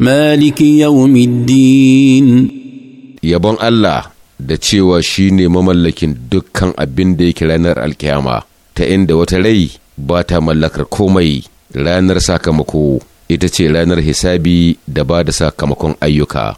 مالك يوم الدين يبون الله da cewa shi ne mamallakin dukkan abin da yake ranar alkiyama ta inda wata rai ba ta mallakar komai ranar sakamako ita ce ranar hisabi da ba da sakamakon ayyuka